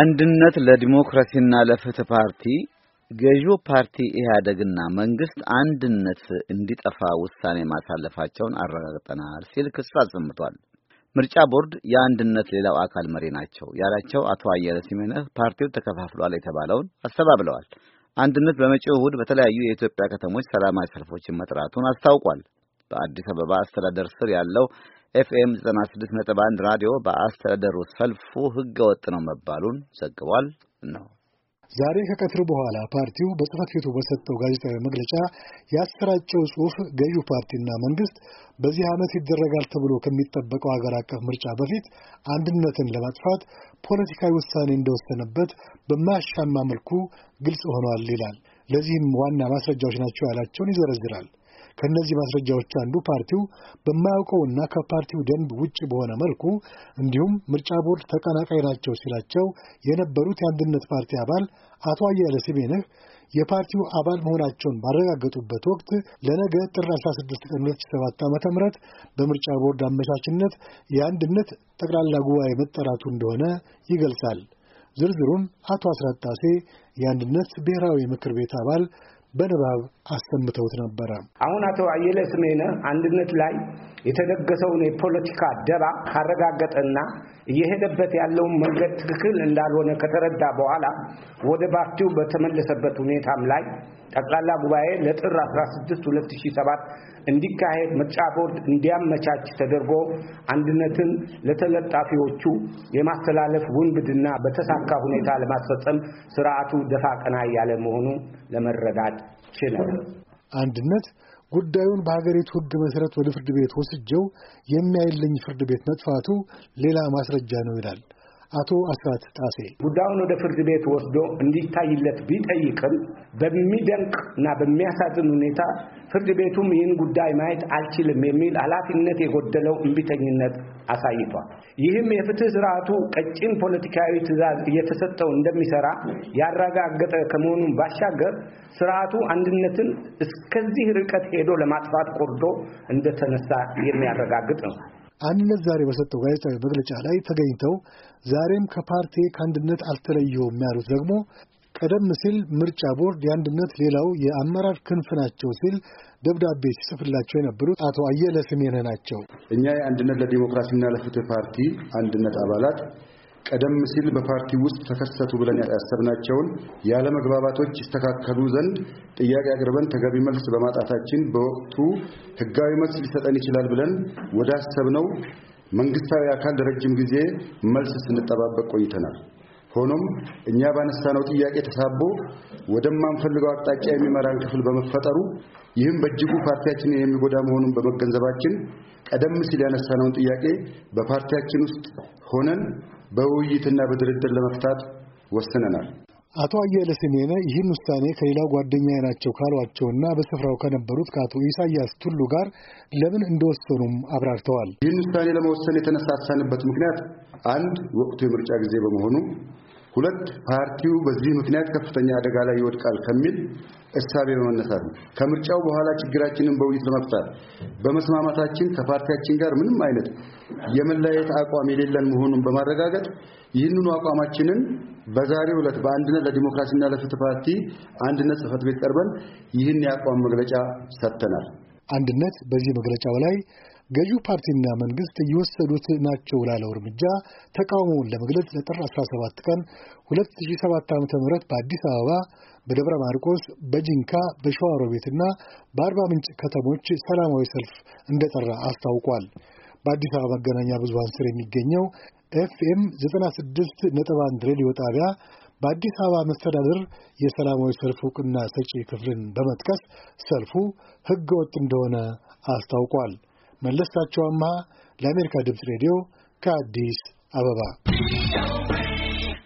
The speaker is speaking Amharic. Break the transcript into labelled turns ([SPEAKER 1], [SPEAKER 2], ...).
[SPEAKER 1] አንድነት ለዲሞክራሲና ለፍትህ ፓርቲ ገዢው ፓርቲ ኢህአደግና መንግስት አንድነት እንዲጠፋ ውሳኔ ማሳለፋቸውን አረጋግጠናል ሲል ክስ አሰምቷል። ምርጫ ቦርድ የአንድነት ሌላው አካል መሪ ናቸው ያላቸው አቶ አየለ ሲሜነህ ፓርቲው ተከፋፍሏል የተባለውን አስተባብለዋል። አንድነት በመጪው እሁድ በተለያዩ የኢትዮጵያ ከተሞች ሰላማዊ ሰልፎችን መጥራቱን አስታውቋል። በአዲስ አበባ አስተዳደር ስር ያለው ኤፍኤም 96.1 ራዲዮ በአስተዳደሩ ሰልፉ ህገወጥ ነው መባሉን ዘግቧል። ነው
[SPEAKER 2] ዛሬ ከቀትር በኋላ ፓርቲው በጽህፈት ቤቱ በሰጠው ጋዜጣዊ መግለጫ ያሰራጨው ጽሑፍ ገዢው ፓርቲና መንግስት በዚህ ዓመት ይደረጋል ተብሎ ከሚጠበቀው አገር አቀፍ ምርጫ በፊት አንድነትን ለማጥፋት ፖለቲካዊ ውሳኔ እንደወሰነበት በማያሻማ መልኩ ግልጽ ሆኗል ይላል። ለዚህም ዋና ማስረጃዎች ናቸው ያላቸውን ይዘረዝራል። ከእነዚህ ማስረጃዎች አንዱ ፓርቲው በማያውቀውና ከፓርቲው ደንብ ውጭ በሆነ መልኩ እንዲሁም ምርጫ ቦርድ ተቀናቃይ ናቸው ሲላቸው የነበሩት የአንድነት ፓርቲ አባል አቶ አያለ ስሜነህ የፓርቲው አባል መሆናቸውን ባረጋገጡበት ወቅት ለነገ ጥር 16 ቀን 2007 ዓ ም በምርጫ ቦርድ አመቻችነት የአንድነት ጠቅላላ ጉባኤ መጠራቱ እንደሆነ ይገልጻል። ዝርዝሩን አቶ አስራት ጣሴ የአንድነት ብሔራዊ ምክር ቤት አባል በንባብ አሰምተውት ነበረ።
[SPEAKER 3] አሁን አቶ አየለ ስሜነ አንድነት ላይ የተደገሰውን የፖለቲካ ደባ ካረጋገጠና እየሄደበት ያለውን መንገድ ትክክል እንዳልሆነ ከተረዳ በኋላ ወደ ፓርቲው በተመለሰበት ሁኔታም ላይ ጠቅላላ ጉባኤ ለጥር 16 2007 እንዲካሄድ ምርጫ ቦርድ እንዲያመቻች ተደርጎ አንድነትን ለተለጣፊዎቹ የማስተላለፍ ውንብድና በተሳካ ሁኔታ ለማስፈጸም ስርዓቱ ደፋ ቀና ያለ መሆኑ ለመረዳት
[SPEAKER 2] ችላል። አንድነት ጉዳዩን በሀገሪቱ ሕግ መሠረት ወደ ፍርድ ቤት ወስጀው የሚያይልኝ ፍርድ ቤት መጥፋቱ ሌላ ማስረጃ ነው ይላል። አቶ አስራት ጣሴ
[SPEAKER 3] ጉዳዩን ወደ ፍርድ ቤት ወስዶ እንዲታይለት ቢጠይቅም በሚደንቅ እና በሚያሳዝን ሁኔታ ፍርድ ቤቱም ይህን ጉዳይ ማየት አልችልም የሚል ኃላፊነት የጎደለው እምቢተኝነት አሳይቷል። ይህም የፍትህ ስርዓቱ ቀጭን ፖለቲካዊ ትዕዛዝ እየተሰጠው እንደሚሰራ ያረጋገጠ ከመሆኑም ባሻገር ስርዓቱ አንድነትን እስከዚህ ርቀት ሄዶ ለማጥፋት ቆርዶ እንደተነሳ የሚያረጋግጥ
[SPEAKER 2] ነው። አንድነት ዛሬ በሰጠው ጋዜጣዊ መግለጫ ላይ ተገኝተው ዛሬም ከፓርቲ ከአንድነት አልተለየውም ያሉት ደግሞ ቀደም ሲል ምርጫ ቦርድ የአንድነት ሌላው የአመራር ክንፍ ናቸው ሲል ደብዳቤ ሲጽፍላቸው የነበሩት አቶ አየለ ስሜነ ናቸው።
[SPEAKER 4] እኛ የአንድነት ለዲሞክራሲና ለፍትህ ፓርቲ አንድነት አባላት ቀደም ሲል በፓርቲ ውስጥ ተከሰቱ ብለን ያሰብናቸውን ያለመግባባቶች ይስተካከሉ ዘንድ ጥያቄ አቅርበን ተገቢ መልስ በማጣታችን በወቅቱ ሕጋዊ መልስ ሊሰጠን ይችላል ብለን ወደ አሰብነው መንግስታዊ አካል ለረጅም ጊዜ መልስ ስንጠባበቅ ቆይተናል። ሆኖም እኛ ባነሳነው ጥያቄ ተሳቦ ወደማንፈልገው አቅጣጫ የሚመራን ክፍል በመፈጠሩ ይህም በእጅጉ ፓርቲያችንን የሚጎዳ መሆኑን በመገንዘባችን ቀደም ሲል ያነሳነውን ጥያቄ በፓርቲያችን ውስጥ ሆነን በውይይትና በድርድር ለመፍታት ወስነናል።
[SPEAKER 2] አቶ አየለ ስሜነ ይህን ውሳኔ ከሌላው ጓደኛዬ ናቸው ካሏቸውና በስፍራው ከነበሩት ከአቶ ኢሳያስ ቱሉ ጋር ለምን እንደወሰኑም አብራርተዋል።
[SPEAKER 4] ይህን ውሳኔ ለመወሰን የተነሳሳንበት ምክንያት አንድ ወቅቱ የምርጫ ጊዜ በመሆኑ ሁለት ፓርቲው በዚህ ምክንያት ከፍተኛ አደጋ ላይ ይወድቃል ከሚል እሳቤ በመነሳት ነው። ከምርጫው በኋላ ችግራችንን በውይይት ለመፍታት በመስማማታችን ከፓርቲያችን ጋር ምንም አይነት የመለያየት አቋም የሌለን መሆኑን በማረጋገጥ ይህንኑ አቋማችንን በዛሬው ዕለት በአንድነት ለዲሞክራሲና ለፍትህ ፓርቲ አንድነት ጽህፈት ቤት ቀርበን ይህን የአቋም መግለጫ ሰጥተናል።
[SPEAKER 2] አንድነት በዚህ መግለጫው ላይ ገዢው ፓርቲና መንግስት እየወሰዱት ናቸው ላለው እርምጃ ተቃውሞውን ለመግለጽ ለጥር 17 ቀን 2007 ዓ ም በአዲስ አበባ በደብረ ማርቆስ፣ በጂንካ፣ በሸዋሮቤትና በአርባ ምንጭ ከተሞች ሰላማዊ ሰልፍ እንደጠራ አስታውቋል። በአዲስ አበባ መገናኛ ብዙሀን ስር የሚገኘው ኤፍኤም 96 ነጥብ 1 ሬዲዮ ጣቢያ በአዲስ አበባ መስተዳደር የሰላማዊ ሰልፍ እውቅና ሰጪ ክፍልን በመጥቀስ ሰልፉ ሕገ ወጥ እንደሆነ አስታውቋል። መለስካቸው አማሃ ለአሜሪካ ድምፅ ሬዲዮ ከአዲስ አበባ